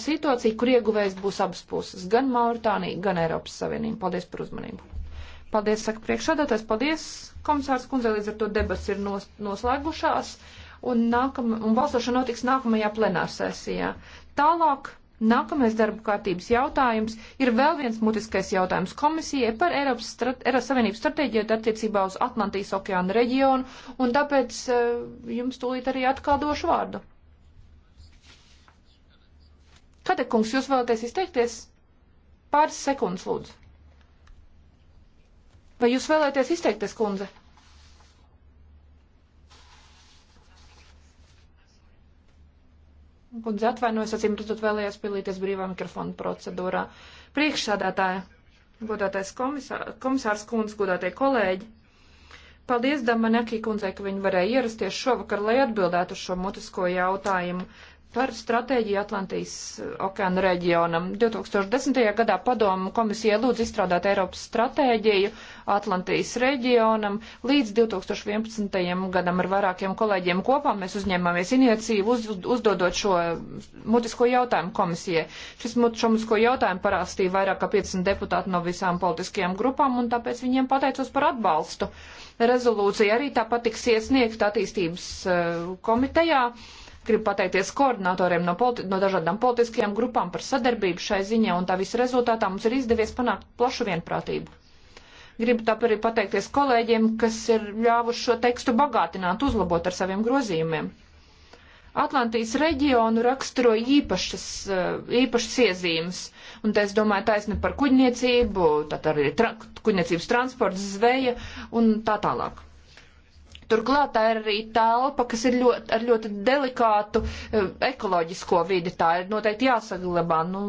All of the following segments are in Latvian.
situāciju, kur ieguvējs būs abas puses - gan Mauritānija, gan Eiropas Savienība. Paldies par uzmanību. Paldies, saka priekšādātais. Paldies, komisārs kundze, līdz ar to debats ir nos, noslēgušās. Un, nākam, un balsošana notiks nākamajā plenārsēsijā. Tālāk Nākamais darba kārtības jautājums ir vēl viens mutiskais jautājums komisijai par Eiropas, strat Eiropas Savienības stratēģiju attiecībā uz Atlantijas okeāna reģionu, un tāpēc eh, jums tūlīt arī atkal došu vārdu. Kadek kungs, jūs vēlaties izteikties? Pāris sekundes, lūdzu. Vai jūs vēlaties izteikties, kundze? Kundze atvainojas, acīm redzot, vēlējās pilīties brīvā mikrofona procedūrā. Priekšsādātāja, godātais komisārs, komisārs kundze, godātie kolēģi. Paldies Damanekī kundzei, ka viņi varēja ierasties šovakar, lai atbildētu uz šo mutisko jautājumu par stratēģiju Atlantijas okeāna reģionam. 2010. gadā padomu komisija lūdz izstrādāt Eiropas stratēģiju Atlantijas reģionam līdz 2011. gadam ar vairākiem kolēģiem kopā. Mēs uzņēmāmies iniciatīvu uz, uzdodot šo mutisko jautājumu komisijai. Šis mut, šo mutisko jautājumu parāstīja vairāk kā 50 deputāti no visām politiskajām grupām un tāpēc viņiem pateicos par atbalstu. Rezolūcija arī tāpat tiks iesniegta attīstības uh, komitejā. Uh, Gribu pateikties koordinatoriem no, politi no dažādām politiskajām grupām par sadarbību šai ziņā, un tā visa rezultātā mums ir izdevies panākt plašu vienprātību. Gribu tāpēc arī pateikties kolēģiem, kas ir ļāvuši šo tekstu bagātināt, uzlabot ar saviem grozījumiem. Atlantijas reģionu raksturo īpašas, eh, īpašas iezīmes. Un te es domāju taisni par kuģniecību, tad arī tra kuģniecības transports, zveja un tā tālāk. Turklāt tā ir arī telpa, kas ir ļoti, ar ļoti delikātu eh, ekoloģisko vidi. Tā ir noteikti jāsaglabā. Nu,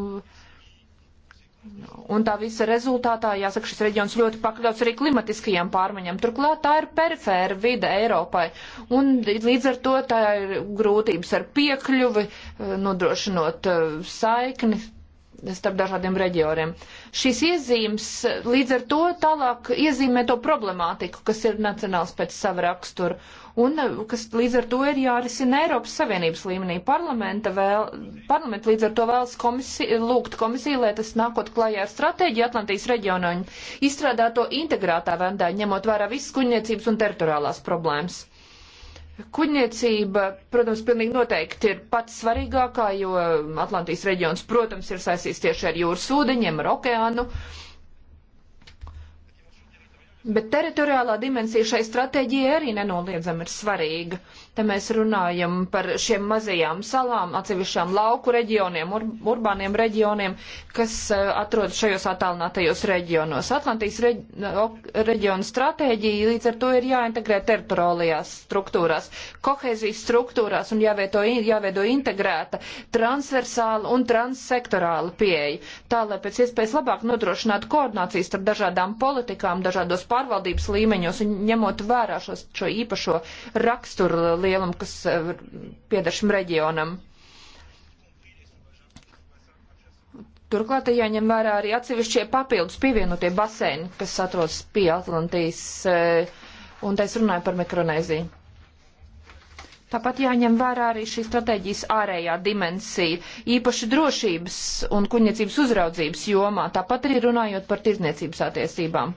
Un tā visa rezultātā, jāsaka, šis reģions ļoti pakļauts arī klimatiskajām pārmaiņām. Turklāt tā ir perifēra vide Eiropai, un līdz ar to tā ir grūtības ar piekļuvi, eh, nodrošinot eh, saikni starp dažādiem reģioniem. Šīs iezīmes līdz ar to tālāk iezīmē to problemātiku, kas ir nacionāls pēc sava rakstura, un eh, kas līdz ar to ir jārisina Eiropas Savienības līmenī. Parlamenta vēl, parlamenta līdz ar to vēlas komisi, lūgt komisiju, lai tas nākot klājā ar stratēģiju Atlantijas reģionā un izstrādāto integrētā vendā, ņemot vērā visas kuģniecības un teritoriālās problēmas. Kuģniecība, protams, pilnīgi noteikti ir pats svarīgākā, jo Atlantijas reģions, protams, ir saistīts tieši ar jūras ūdeņiem, ar okeānu. Bet teritoriālā dimensija šai stratēģijai arī nenoliedzami ir svarīga. Te mēs runājam par šiem mazajām salām, atsevišķām lauku reģioniem, ur urbāniem reģioniem, kas eh, atrodas šajos attālinātajos reģionos. Atlantijas reģ reģiona stratēģija līdz ar to ir jāintegrē teritoriālajās struktūrās, kohēzijas struktūrās un jāvieto, jāveido integrēta transversāla un transsektorāla pieeja, tā lai pēc iespējas labāk nodrošinātu koordinācijas starp dažādām politikām, dažādos pārvaldības līmeņos un ņemot vērā šos, šo īpašo raksturu līmeni lielumu, kas eh, pieder šim reģionam. Turklāt jāņem vērā arī atsevišķie papildus pievienotie baseini, kas atrodas pie Atlantijas, eh, un es runāju par Mikronēziju. Tāpat jāņem vērā arī šī stratēģijas ārējā dimensija, īpaši drošības un kuģniecības uzraudzības jomā, tāpat arī runājot par tirdzniecības attiecībām.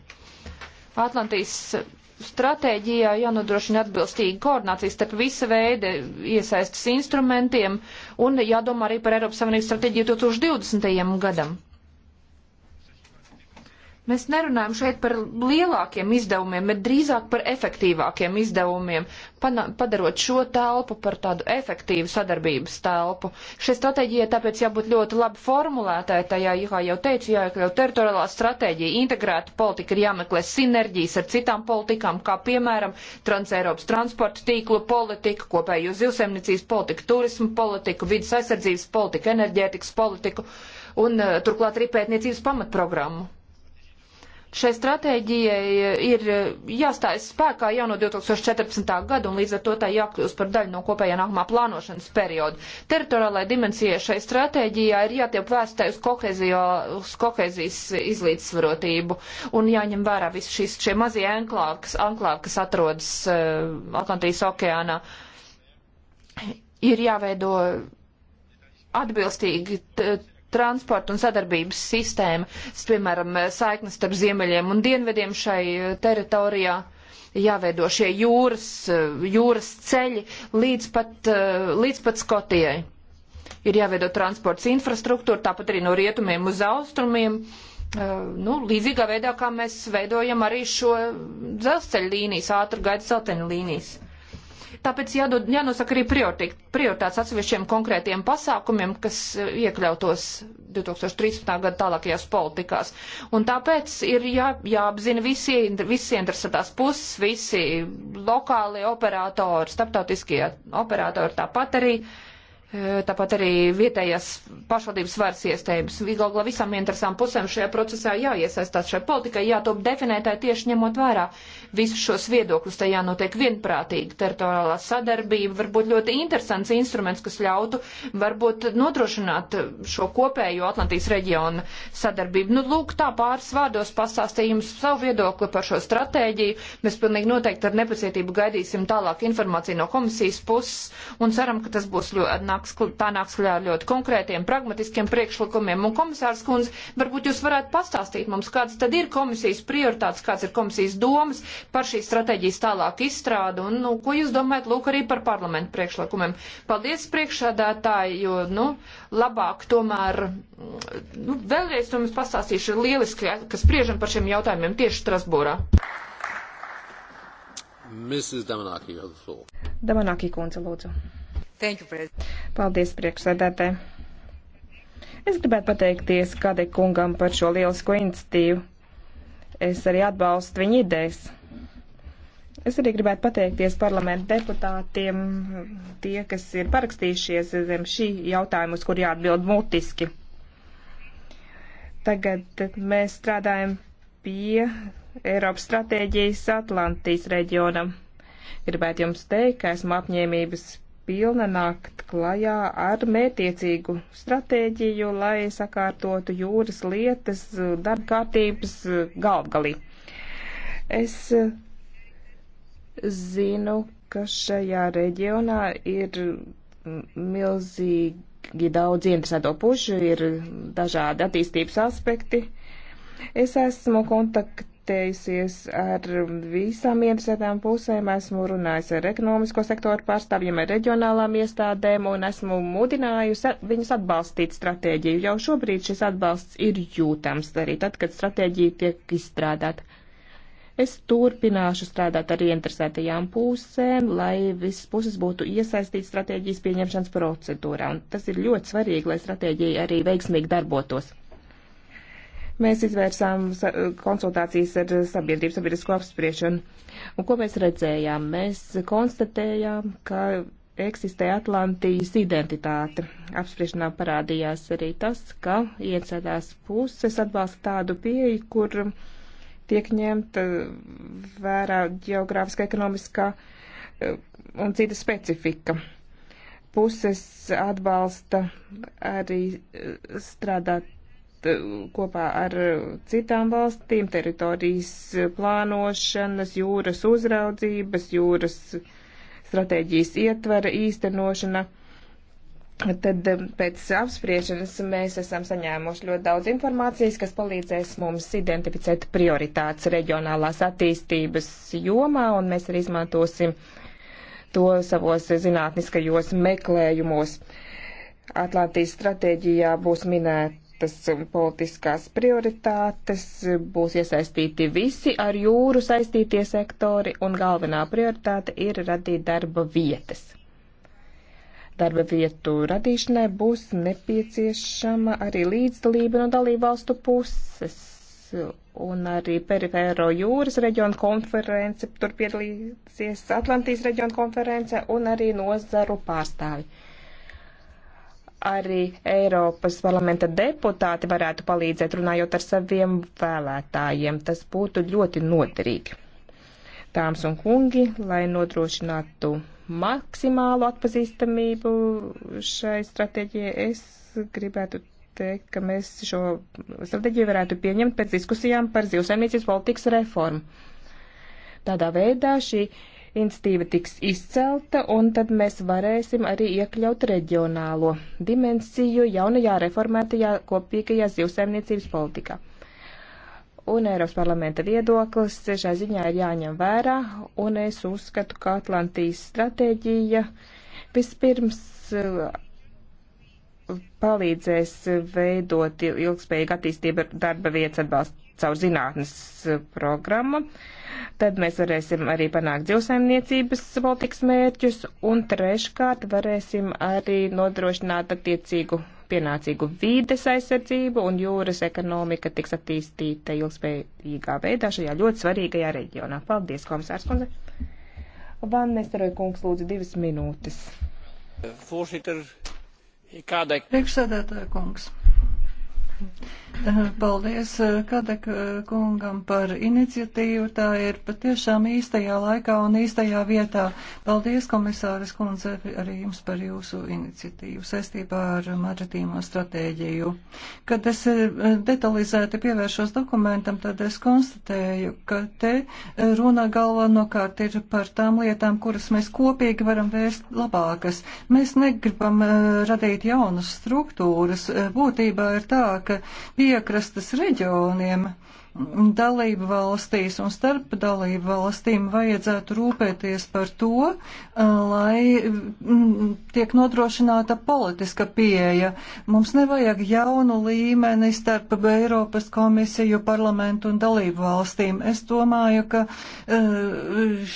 Atlantijas stratēģijā jānodrošina atbilstīga koordinācija starp visa veida iesaistas instrumentiem un jādomā arī par Eiropas Savienības stratēģiju 2020. gadam. Mēs nerunājam šeit par lielākiem izdevumiem, bet drīzāk par efektīvākiem izdevumiem, padarot šo telpu par tādu efektīvu sadarbības telpu. Šai stratēģijai tāpēc jābūt ļoti labi formulētai, tajā, kā jau teicu, jāiekļaut teritoriālā stratēģija, integrēta politika ir jāmeklē sinerģijas ar citām politikām, kā piemēram Transeiropas transporta tīklu politika, kopējo zivsemnicības politiku, turismu politiku, vidas aizsardzības politiku, enerģētikas politiku un eh, turklāt arī pētniecības pamatprogrammu. Šai stratēģijai eh, ir eh, jāstājas spēkā jau no 2014. gada un līdz ar to tā jākļūst par daļu no kopējā nākamā plānošanas perioda. Teritoriālai dimensijai šai stratēģijā ir jātiek vēstai uz, uz kohēzijas izlīdzsvarotību un jāņem vērā visi šīs, šie mazie enklāvi, kas, enklāvi, kas atrodas uh, Atlantijas okeānā. Ir jāveido atbilstīgi transporta un sadarbības sistēma, piemēram, saiknes starp ziemeļiem un dienvediem šai e, teritorijā. Jāveido šie jūras, e, jūras ceļi līdz pat, e, līdz pat Skotijai. Ir jāveido transports infrastruktūra, tāpat arī no rietumiem uz austrumiem. Nu, līdzīgā veidā, kā mēs veidojam arī šo dzelzceļa līnijas, ātru gaidu celteņu līnijas. Tāpēc jādod, jānosaka arī prioritātes atsevišķiem konkrētiem pasākumiem, kas e, iekļautos 2013. gada tālākajās politikās. Un tāpēc ir jā, jāapzina visi, visi interesētās puses, visi lokālie operatori, starptautiskie operatori tāpat arī. Uh, Tāpat arī vietējās pašvaldības varas iestājums. Vigalgla visām interesām pusēm šajā procesā jāiesaistās šai politikai, jātop definētāji tieši ņemot vērā visus šos viedokļus. Te jānotiek vienprātīgi. Teritoriālā sadarbība var būt ļoti interesants instruments, kas ļautu varbūt nodrošināt šo kopējo Atlantijas reģiona sadarbību. Nu, lūk, tā pāris vārdos pastāstīju jums savu viedokli par šo stratēģiju. Mēs pilnīgi noteikti ar nepacietību gaidīsim tālāk informāciju no komisijas puses un ceram, ka tas būs ļoti nāks, tā nāks kļā ar ļoti konkrētiem, pragmatiskiem priekšlikumiem. Un komisārs kundze, varbūt jūs varētu pastāstīt mums, kādas tad ir komisijas prioritātes, kāds ir komisijas domas par šīs stratēģijas tālāk izstrādu un, nu, ko jūs domājat, lūk, arī par parlamentu priekšlikumiem. Paldies priekšādātāji, jo, nu, labāk tomēr, nu, vēlreiz to mums pastāstīšu, ir lieliski, ka spriežam par šiem jautājumiem tieši Strasbūrā. Mrs. Damanaki, you have the floor. Damanaki, kundze, lūdzu. Paldies, priekšsēdētāji. Es gribētu pateikties Kadai kungam par šo lielisko iniciatīvu. Es arī atbalstu viņa idejas. Es arī gribētu pateikties parlamentu deputātiem, tie, kas ir parakstījušies zem šī jautājuma, uz kur jāatbild mutiski. Tagad mēs strādājam pie Eiropas stratēģijas Atlantijas reģionam. Gribētu jums teikt, ka esmu apņēmības pilna nākt klajā ar mētiecīgu stratēģiju, lai sakārtotu jūras lietas darba kārtības galvgalī. Es eh, zinu, ka šajā reģionā ir milzīgi daudz interesēto pušu, ir dažādi attīstības aspekti. Es esmu kontaktā kontaktējusies ar visām interesētām pusēm, esmu runājis ar ekonomisko sektoru pārstāvjiem, ar reģionālām iestādēm un esmu mudinājusi viņus atbalstīt stratēģiju. Jau šobrīd šis atbalsts ir jūtams arī tad, kad stratēģija tiek izstrādāta. Es turpināšu strādāt ar ieinteresētajām pusēm, lai visas puses būtu iesaistīts stratēģijas pieņemšanas procedūrā. Un tas ir ļoti svarīgi, lai stratēģija arī veiksmīgi darbotos. Mēs izvērsām konsultācijas ar sabiedrību, sabiedrisko apspriešanu. Un ko mēs redzējām? Mēs konstatējām, ka eksistē Atlantijas identitāte. Apspriešanā parādījās arī tas, ka iecēlās puses atbalsta tādu pieeju, kur tiek ņemta uh, vērā geogrāfiska, ekonomiskā uh, un cita specifika. Puses atbalsta arī uh, strādāt Eh, kopā ar eh, citām valstīm teritorijas eh, plānošanas, jūras uzraudzības, jūras stratēģijas ietvara īstenošana. Tad pēc apspriešanas mēs esam saņēmuši ļoti daudz informācijas, kas palīdzēs mums identificēt prioritātes reģionālās attīstības jomā, un mēs arī izmantosim to savos zinātniskajos meklējumos. Atlantijas stratēģijā būs minēta noteiktas politiskās prioritātes, būs iesaistīti visi ar jūru saistītie sektori, un galvenā prioritāte ir radīt darba vietas. Darba vietu radīšanai būs nepieciešama arī līdzdalība no dalībvalstu puses, un arī perifēro jūras reģionu konference, tur piedalīsies Atlantijas reģionu konference un arī nozaru pārstāvi arī Eiropas parlamenta deputāti varētu palīdzēt runājot ar saviem vēlētājiem. Tas būtu ļoti noderīgi. Tāms un kungi, lai nodrošinātu maksimālu atpazīstamību šai stratēģijai, es gribētu teikt, ka mēs šo stratēģiju varētu pieņemt pēc diskusijām par zivsaimniecības politikas reformu. Tādā veidā šī iniciatīva tiks izcelta, un tad mēs varēsim arī iekļaut reģionālo dimensiju jaunajā reformētajā kopīgajā zivsaimniecības politikā. Un Eiropas parlamenta viedoklis šai ziņā ir jāņem vērā, un es uzskatu, ka Atlantijas stratēģija vispirms uh, palīdzēs veidot ilgspējīgu attīstību darba vietas atbalstu caur zinātnes eh, programmu. Tad mēs varēsim arī panākt dzīvsaimniecības politikas mērķus, un treškārt varēsim arī nodrošināt attiecīgu pienācīgu vīdes aizsardzību, un jūras ekonomika tiks attīstīta ilgspējīgā veidā šajā ļoti svarīgajā reģionā. Paldies, komisārs kundze! Van Nesteroja kungs lūdzu divas minūtes. Voorzitter, ik kādai. Priekšsēdētāja kungs. Paldies eh, Kadek eh, kungam par iniciatīvu. Tā ir patiešām īstajā laikā un īstajā vietā. Paldies, komisāris kundze, arī jums par jūsu iniciatīvu saistībā ar maritīmo stratēģiju. Kad es eh, detalizēti pievēršos dokumentam, tad es konstatēju, ka te runa galvenokārt ir par tām lietām, kuras mēs kopīgi varam vērst labākas. Mēs negribam radīt jaunas struktūras. Būtībā ir tā, ka piekrastas reģioniem dalību valstīs un starp dalību valstīm vajadzētu rūpēties par to, lai tiek nodrošināta politiska pieeja. Mums nevajag jaunu līmeni starp Eiropas komisiju, parlamentu un dalību valstīm. Es domāju, ka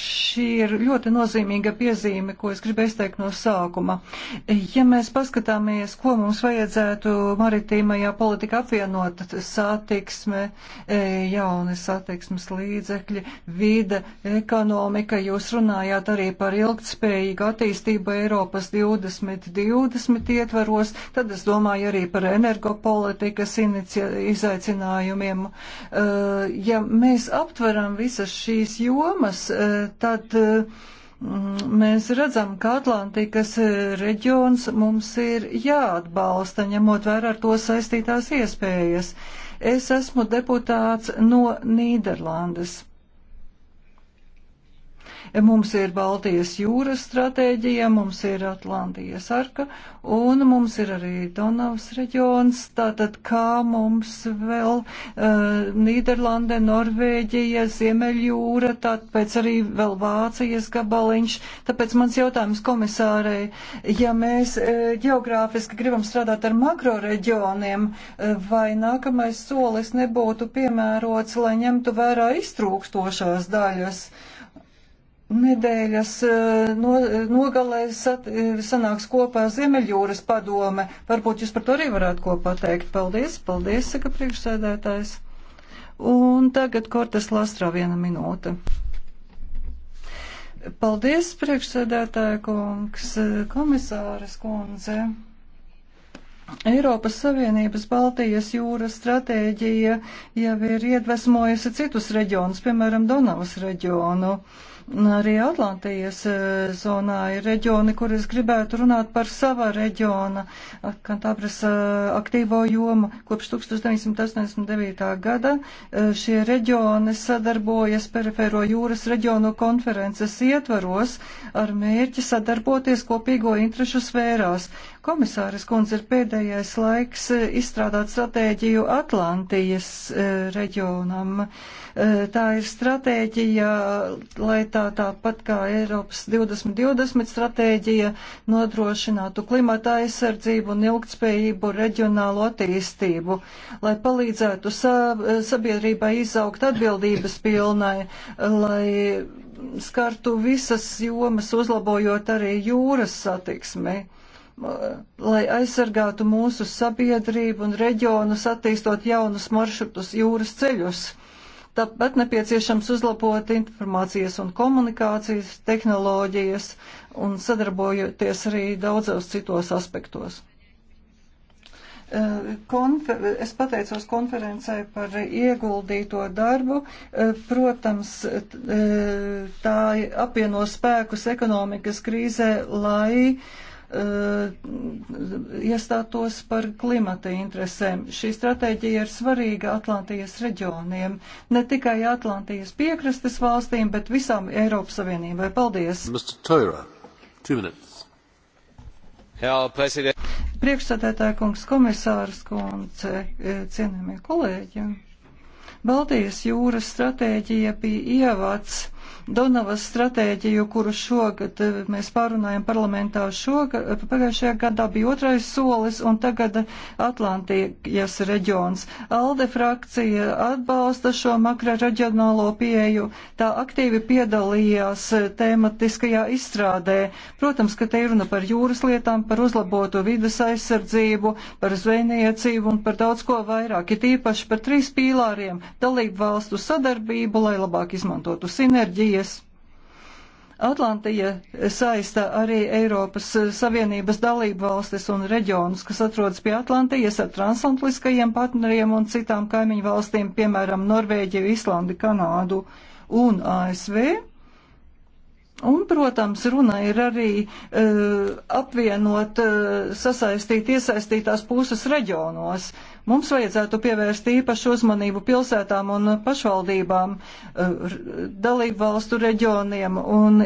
šī ir ļoti nozīmīga piezīme, ko es gribu izteikt no sākuma. Ja mēs paskatāmies, ko mums vajadzētu maritīmajā politikā apvienot, satiksme, e, jauni satiksmes līdzekļi, vide, ekonomika. Jūs runājāt arī par ilgtspējīgu attīstību Eiropas 2020 ietvaros, tad es domāju arī par energopolitikas izaicinājumiem. Eh, ja mēs aptveram visas šīs jomas, eh, tad mm, mēs redzam, ka Atlantikas eh, reģions mums ir jāatbalsta, ņemot vērā ar to saistītās iespējas. Uh, Es esmu deputāts no Nīderlandes. Mums ir Baltijas jūras stratēģija, mums ir Atlantijas arka un mums ir arī Donavas reģions. Tātad kā mums vēl uh, Nīderlande, Norvēģija, Ziemeļjūra, tāpēc arī vēl Vācijas gabaliņš. Tāpēc mans jautājums komisārei, ja mēs uh, geogrāfiski gribam strādāt ar makro reģioniem, uh, eh, vai nākamais solis nebūtu piemērots, lai ņemtu vērā iztrūkstošās daļas? Uh, Nedēļas eh, no, eh, nogalē sat, eh, sanāks kopā Ziemeļjūras padome. Varbūt jūs par to arī varētu ko pateikt. Paldies, paldies, saka priekšsēdētājs. Un tagad Kortes Lastrā viena minūte. Paldies, priekšsēdētāja kungs, komisāres kundze. Eiropas Savienības Baltijas jūras stratēģija jau ir iedvesmojusi citus reģionus, piemēram, Donavas reģionu. Uh, Arī Atlantijas e, zonā ir reģioni, kur es gribētu runāt par sava reģiona kantābras e, aktīvo jomu. Kopš 1989. gada e, šie reģioni sadarbojas perifēro jūras reģionu konferences ietvaros ar mērķi sadarboties kopīgo interešu sfērās. Komisāris kundze ir pēdējais laiks izstrādāt stratēģiju Atlantijas reģionam. Tā ir stratēģija, lai vietā, tāpat kā Eiropas 2020 stratēģija nodrošinātu klimata aizsardzību un ilgtspējību reģionālo attīstību, lai palīdzētu sabiedrībai izaugt atbildības pilnai, lai skartu visas jomas, uzlabojot arī jūras satiksmi lai aizsargātu mūsu sabiedrību un reģionus, attīstot jaunus maršrutus, jūras ceļus. Tāpat nepieciešams uzlabot informācijas un komunikācijas tehnoloģijas un sadarbojoties arī daudzos citos aspektos. E, Konfer es pateicos konferencē par ieguldīto darbu. E, protams, e, tā apvieno spēkus ekonomikas krīzē, lai Eh, iestātos par klimata interesēm. Šī stratēģija ir svarīga Atlantijas reģioniem, ne tikai Atlantijas piekrastes valstīm, bet visām Eiropas Savienībai. Paldies! Priekšsēdētāja kungs, komisārs kundze, eh, cienījamie kolēģi. Baltijas jūras stratēģija bija ievads Donavas stratēģiju, kuru šogad eh, mēs pārunājam parlamentā šogad, pagājušajā gadā bija otrais solis un tagad eh, Atlantijas reģions. ALDE frakcija atbalsta šo makroreģionālo pieeju, tā aktīvi piedalījās eh, tēmatiskajā izstrādē. Protams, ka te ir runa par jūras lietām, par uzlabotu vidas aizsardzību, par zvejniecību un par daudz ko vairāk, it īpaši par trīs pīlāriem - dalību valstu sadarbību, lai labāk izmantotu sinerģiju enerģijas. Atlantija saista arī Eiropas Savienības dalību valstis un reģionus, kas atrodas pie Atlantijas ar transatlantiskajiem partneriem un citām kaimiņu valstīm, piemēram, Norvēģiju, Islandi, Kanādu un ASV. Un, protams, runa ir arī uh, apvienot, uh, sasaistīt iesaistītās puses reģionos. Uh, Mums vajadzētu pievērst īpašu uzmanību pilsētām un pašvaldībām, eh, dalību valstu reģioniem un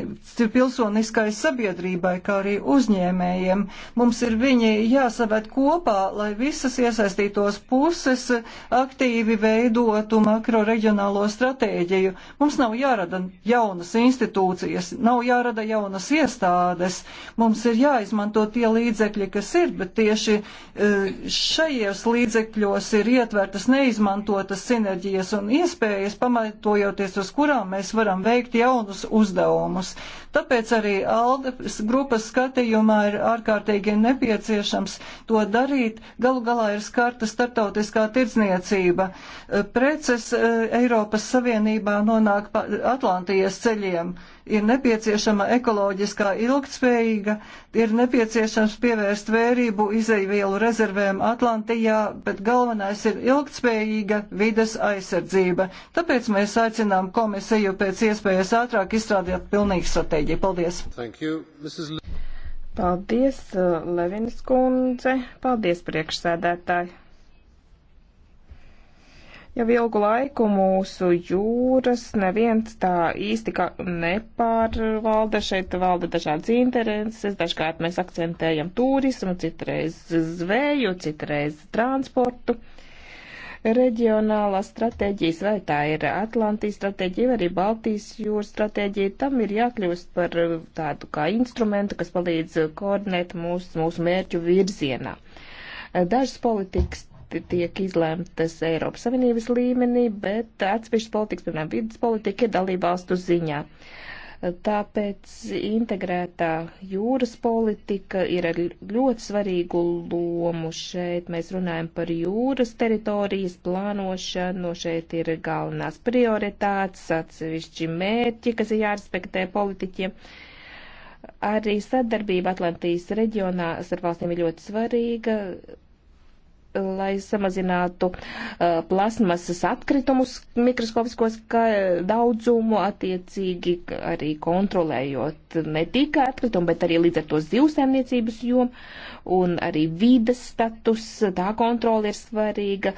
pilsoniskai sabiedrībai, kā arī uzņēmējiem. Mums ir viņi jāsavērt kopā, lai visas iesaistītos puses aktīvi veidotu makro reģionālo stratēģiju. Mums nav jārada jaunas institūcijas, nav jārada jaunas iestādes. Mums ir jāizmanto tie līdzekļi, kas ir, bet tieši eh, šajos līdzekļos līdzekļos ir ietvertas neizmantotas sinerģijas un iespējas, pamatojoties uz kurām mēs varam veikt jaunus uzdevumus. Tāpēc arī ALDE grupas skatījumā ir ārkārtīgi nepieciešams to darīt. Galu galā ir skarta startautiskā tirdzniecība. Preces e, Eiropas Savienībā nonāk pa Atlantijas ceļiem ir nepieciešama ekoloģiskā ilgtspējīga, ir nepieciešams pievērst vērību izaivielu rezervēm Atlantijā, bet bet galvenais ir ilgtspējīga vides aizsardzība. Tāpēc mēs aicinām komisiju pēc iespējas ātrāk izstrādāt pilnīgu stratēģiju. Paldies! Paldies, uh, Levinas kundze! Paldies, priekšsēdētāji! Jau ilgu laiku mūsu jūras neviens tā īsti kā nepārvalda. Šeit valda dažādas intereses. Dažkārt mēs akcentējam turismu, citreiz zveju, citreiz transportu. Reģionālā stratēģijas, vai tā ir Atlantijas stratēģija, vai arī Baltijas jūras stratēģija, tam ir jākļūst par tādu kā instrumentu, kas palīdz koordinēt mūsu, mūsu mērķu virzienā. Dažas politikas parasti tiek izlēmtas Eiropas Savienības līmenī, bet atsevišķas politikas, piemēram, vidas politika ir dalībvalstu ziņā. Tāpēc integrētā jūras politika ir ar ļoti svarīgu lomu. Šeit mēs runājam par jūras teritorijas plānošanu, šeit ir galvenās prioritātes, atsevišķi mērķi, kas ir jārespektē politiķiem. Arī sadarbība Atlantijas reģionā starp valstīm ir ļoti svarīga lai samazinātu uh, plasmasas atkritumus mikroskopisko daudzumu, attiecīgi arī kontrolējot ne tikai atkritumu, bet arī līdz ar to zivsēmniecības jomu un arī vides status. Tā kontrola ir svarīga,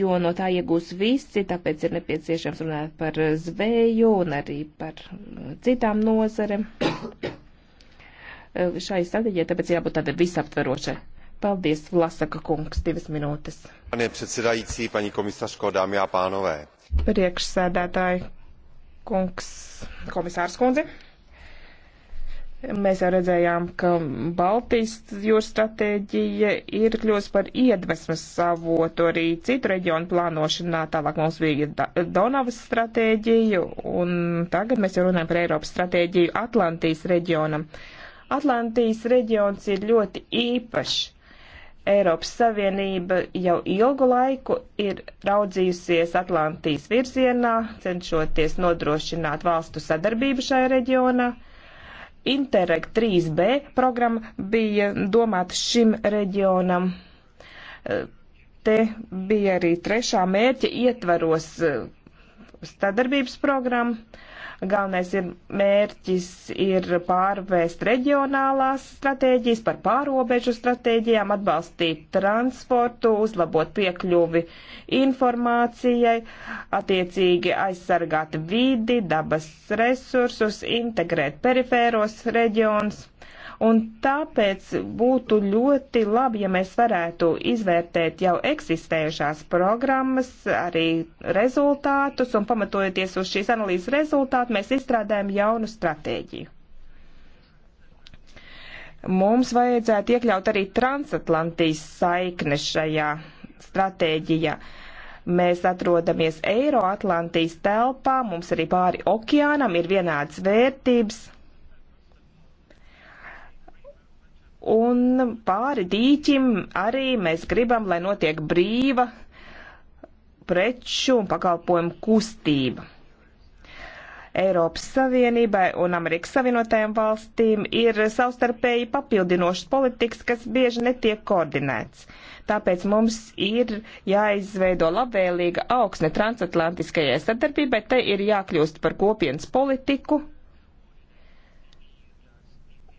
jo no tā iegūs visi, tāpēc ir nepieciešams runāt par zvēju un arī par citām nozarēm. Šai stratēģijai tāpēc jābūt tādai visaptverošai. Paldies, Vlasaka kungs, divas minūtes. Panie predsedājīcī, paņi komisārsko, dāmi jā pānovē. Priekšsēdētāji kungs, komisārs kundze. Mēs jau redzējām, ka Baltijas jūras stratēģija ir kļūst par iedvesmas savotu arī citu reģionu plānošanā. Tālāk mums bija Donavas stratēģija, un tagad mēs jau runājam par Eiropas stratēģiju Atlantijas reģionam. Atlantijas reģions ir ļoti īpašs. Eiropas Savienība jau ilgu laiku ir raudzījusies Atlantijas virzienā, cenšoties nodrošināt valstu sadarbību šajā reģionā. Interreg 3B programma bija domāta šim reģionam. Te bija arī trešā mērķa ietvaros eh, sadarbības programma Galvenais ir mērķis ir pārvērst reģionālās stratēģijas par pārobežu stratēģijām, atbalstīt transportu, uzlabot piekļuvi informācijai, attiecīgi aizsargāt vidi, dabas resursus, integrēt perifēros reģionus. Un tāpēc būtu ļoti labi, ja mēs varētu izvērtēt jau eksistējušās programmas, arī rezultātus, un pamatojoties uz šīs analīzes rezultātu, mēs izstrādājam jaunu stratēģiju mums vajadzētu iekļaut arī transatlantijas saikne šajā stratēģijā. Mēs atrodamies Eiroatlantijas telpā, mums arī pāri okeānam ir vienādas vērtības. Un pāri dīķim arī mēs gribam, lai notiek brīva preču un pakalpojumu kustība. Eiropas Savienībai un Amerikas Savienotajām valstīm ir savstarpēji papildinošas politikas, kas bieži netiek koordinēts. Tāpēc mums ir jāizveido labvēlīga augsne transatlantiskajai sadarbībai, te ir jākļūst par kopienas politiku,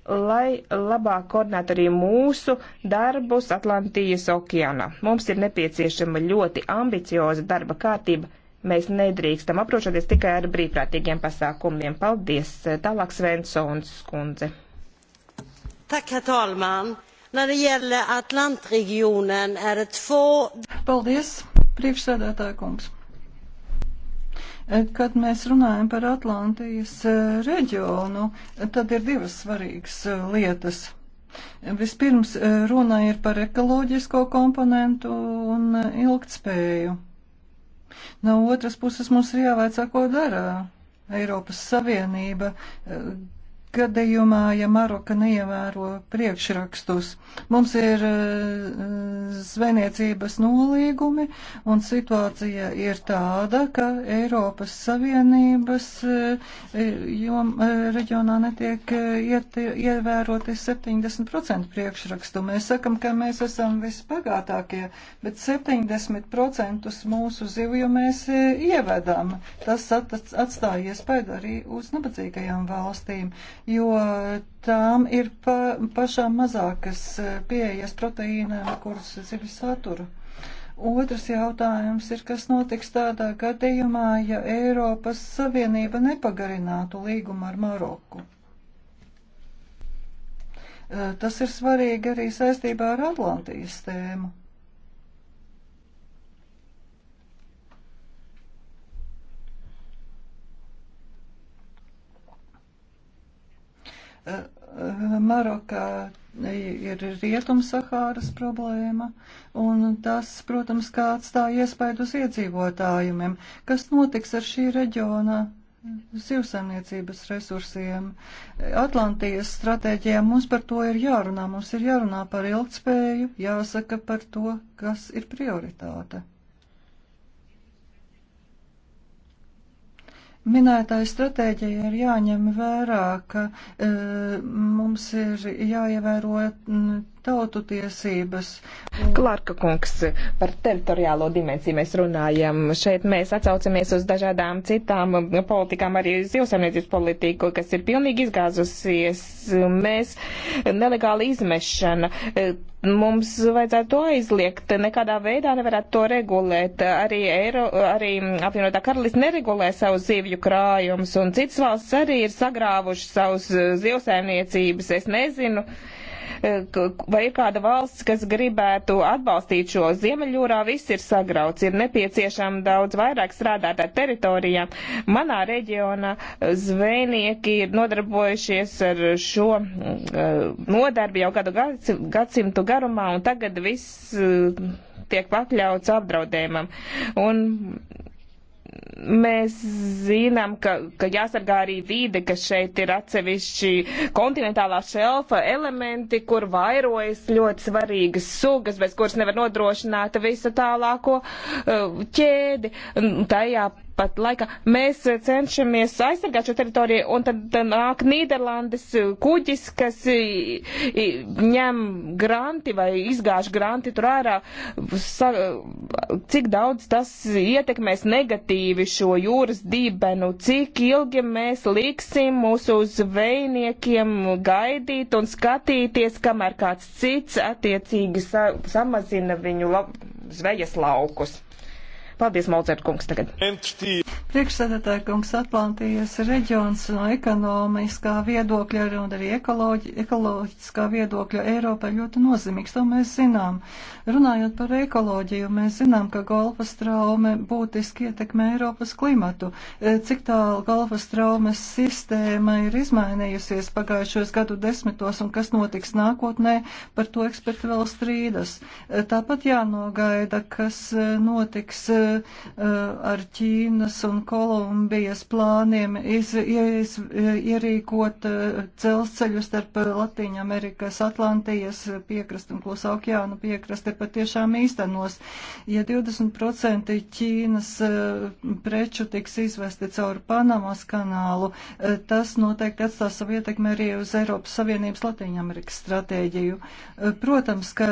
lai labāk koordinētu arī mūsu darbus Atlantijas okeānā. Mums ir nepieciešama ļoti ambicioza darba kārtība. Mēs nedrīkstam aprošoties tikai ar brīvprātīgiem pasākumiem. Paldies! Tālāk Svensons skundze. Tak, herr talman! När det gäller Atlantregionen är det två... Paldies, priekšsēdētāja kungs! Kad mēs runājam par Atlantijas e, reģionu, tad ir divas svarīgas e, lietas. Vispirms e, runa ir par ekoloģisko komponentu un ilgtspēju. No otras puses mums ir jāvaicā, ko dara Eiropas Savienība, gadījumā, ja Maroka neievēro priekšrakstus. Mums ir eh, zvejniecības nolīgumi, un situācija ir tāda, ka Eiropas Savienības eh, jom, eh, reģionā netiek iet, ievēroti 70% priekšrakstu. Mēs sakam, ka mēs esam vispagātākie, bet 70% mūsu zivju mēs ievedam. Tas atstāja iespēju arī uz nabadzīgajām valstīm jo tām ir pa, pašām mazākas eh, pieejas proteīnām, kuras zivis satura. Otrs jautājums ir, kas notiks tādā gadījumā, ja Eiropas Savienība nepagarinātu līgumu ar Maroku. Eh, tas ir svarīgi arī saistībā ar Atlantijas tēmu Marokā ir Rietum-Sahāras problēma, un tas, protams, kā atstāja iespaidu uz iedzīvotājumiem. Kas notiks ar šī reģiona zivsaimniecības resursiem? Atlantijas stratēģijā mums par to ir jārunā. Mums ir jārunā par ilgtspēju, jāsaka par to, kas ir prioritāte. Minētāja stratēģija ir jāņem vērā, ka e, mums ir jāievēro tautu tiesības. Klārka kungs, par teritoriālo dimensiju mēs runājam. Šeit mēs atcaucamies uz dažādām citām politikām, arī zivsaimniecības politiku, kas ir pilnīgi izgāzusies. Mēs nelegāli izmešana e, mums vajadzētu to aizliegt, nekādā veidā nevarētu to regulēt. Arī, Eiro, arī apvienotā karalists neregulē savus zivju krājumus, un citas valsts arī ir sagrāvušas savus eh, zivsaimniecības. Es nezinu, uh, vai ir kāda valsts, kas gribētu atbalstīt šo Ziemeļjūrā, viss ir sagrauts, ir nepieciešama daudz vairāk strādāt ar teritorijām. Manā reģionā e, zvejnieki ir nodarbojušies ar šo e, nodarbi jau gadu gadsimtu garumā, un tagad viss e, tiek pakļauts apdraudējumam. Un mēs zinām, ka, ka jāsargā arī vīde, ka šeit ir atsevišķi kontinentālā šelfa elementi, kur vairojas ļoti svarīgas sugas, bez kuras nevar nodrošināt visu tālāko uh, ķēdi. Tajā pat laikā mēs cenšamies aizsargāt šo teritoriju, un tad nāk Nīderlandes kuģis, kas ņem granti vai izgāž granti tur ārā. Cik daudz tas ietekmēs negatīvi šo jūras dībenu, cik ilgi mēs liksim mūsu zvejniekiem gaidīt un skatīties, kamēr kāds cits attiecīgi sa samazina viņu la zvejas laukus. Paldies, Molcēta kungs, tagad. Priekšsēdētāja kungs Atlantijas reģions no ekonomiskā viedokļa un arī ekoloģi, ekoloģiskā viedokļa Eiropā ļoti nozīmīgs, to mēs zinām. Runājot par ekoloģiju, mēs zinām, ka golfas traume būtiski ietekmē Eiropas klimatu. E, cik tālu golfas traumas sistēma ir izmainījusies pagājušos gadu desmitos un kas notiks nākotnē, par to eksperti vēl strīdas. E, tāpat jānogaida, kas e, notiks ar Ķīnas un Kolumbijas plāniem iz, iz, ierīkot eh, dzelzceļu starp Latīņu Amerikas, Atlantijas piekrastu un klusā okeāna piekrasti patiešām īstenos. Ja 20% Ķīnas eh, preču tiks izvesti caur Panamas kanālu, eh, tas noteikti atstās savu ietekmi arī uz Eiropas Savienības Latīņu Amerikas stratēģiju. Protams, ka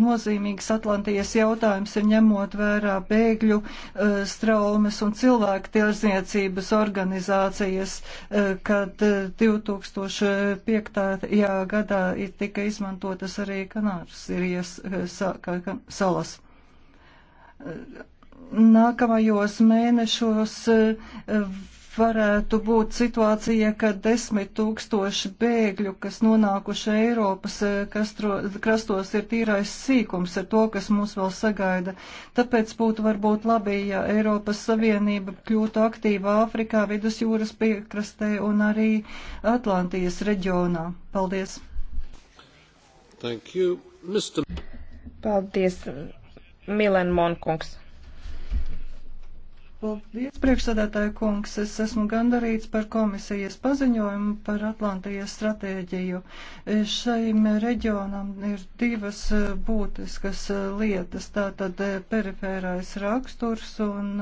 nozīmīgs Atlantijas jautājums ir ņemot vērā bēgļu Eh, straumes un cilvēku tirzniecības organizācijas, eh, kad 2005. Eh, gadā tika izmantotas arī Kanāras Sirijas salas nākamajos mēnešos varētu būt situācija, ka desmit tūkstoši bēgļu, kas nonākuši Eiropas kastro, eh, krastos, ir tīrais sīkums ar to, kas mūs vēl sagaida. Tāpēc būtu varbūt labi, ja Eiropas Savienība kļūtu aktīva Āfrikā, Vidusjūras piekrastē un arī Atlantijas reģionā. Paldies! Thank you, Mr. Paldies, Milen Monkungs. Paldies, priekšsēdētāja kungs. Es esmu gandarīts par komisijas paziņojumu par Atlantijas stratēģiju. Šaim reģionam ir divas e, būtiskas e, lietas - tātad e, perifērais raksturs un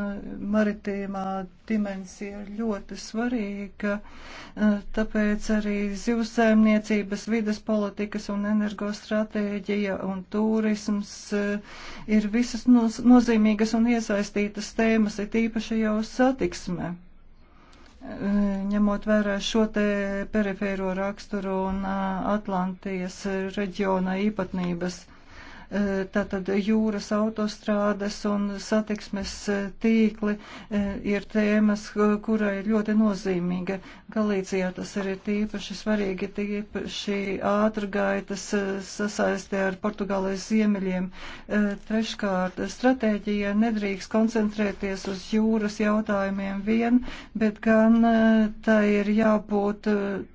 maritīmā dimensija ir ļoti svarīga, eh, tāpēc arī zivsaimniecības, vidas politikas un energostratēģija un turisms eh, ir visas nozīmīgas un iesaistītas tēmas, ir īpaši jau satiksme eh, ņemot vērā šo te perifēro raksturu un Atlantijas reģiona īpatnības. Tātad jūras autostrādes un satiksmes tīkli e, ir tēmas, kura ir ļoti nozīmīga. Galīcijā tas arī ir tīpaši svarīgi, tīpaši ātrgaitas e, sasaistē ar Portugālais ziemeļiem. E, treškārt, stratēģija nedrīkst koncentrēties uz jūras jautājumiem vien, bet gan tā ir jābūt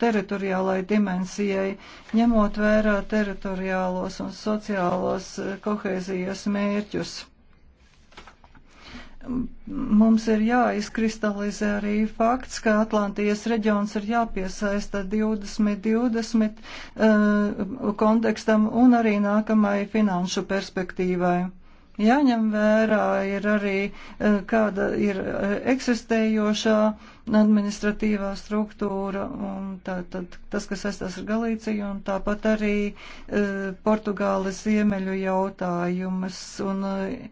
teritoriālai dimensijai, ņemot vērā teritoriālos un sociālos sociālās eh, kohēzijas mērķus mums ir jāizkristalizē arī fakts, ka Atlantijas reģions ir jāpiesaista 2020 uh, eh, kontekstam un arī nākamai finanšu perspektīvai. Jāņem vērā ir arī, uh, kāda ir eksistējošā uh, administratīvā struktūra un tā, tad, tas, kas saistās ar Galīciju un tāpat arī e, Portugāles ziemeļu jautājumus un, e,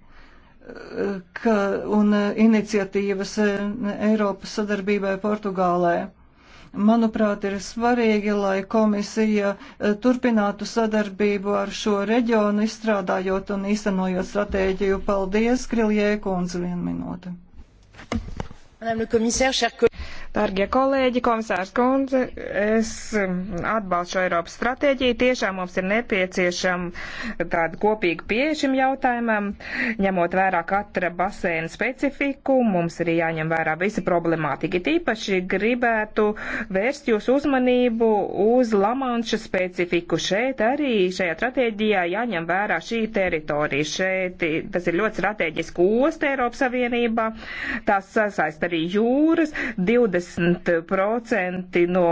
ka, un e, iniciatīvas e, Eiropas sadarbībai Portugālē manuprāt, ir svarīgi, lai komisija e, turpinātu sadarbību ar šo reģionu, izstrādājot un īstenojot stratēģiju. Paldies, Kriljē, kundze, vienu minūti madame le commissaire chers collègues Dargie kolēģi, komisārs Kundze, es um, atbalstu šo Eiropas stratēģiju. Tiešām mums ir nepieciešama tāda kopīga pieeja šim jautājumam, ņemot vērā katra baseina specifiku. Mums ir jāņem vērā visa problemātika. Tīpaši gribētu vērst jūsu uzmanību uz Lamanša specifiku. Šeit arī šajā stratēģijā jāņem vērā šī teritorija. Šeit tas ir ļoti strateģiski osta Eiropas Savienībā. Tas sasaist arī jūras. 20 60% no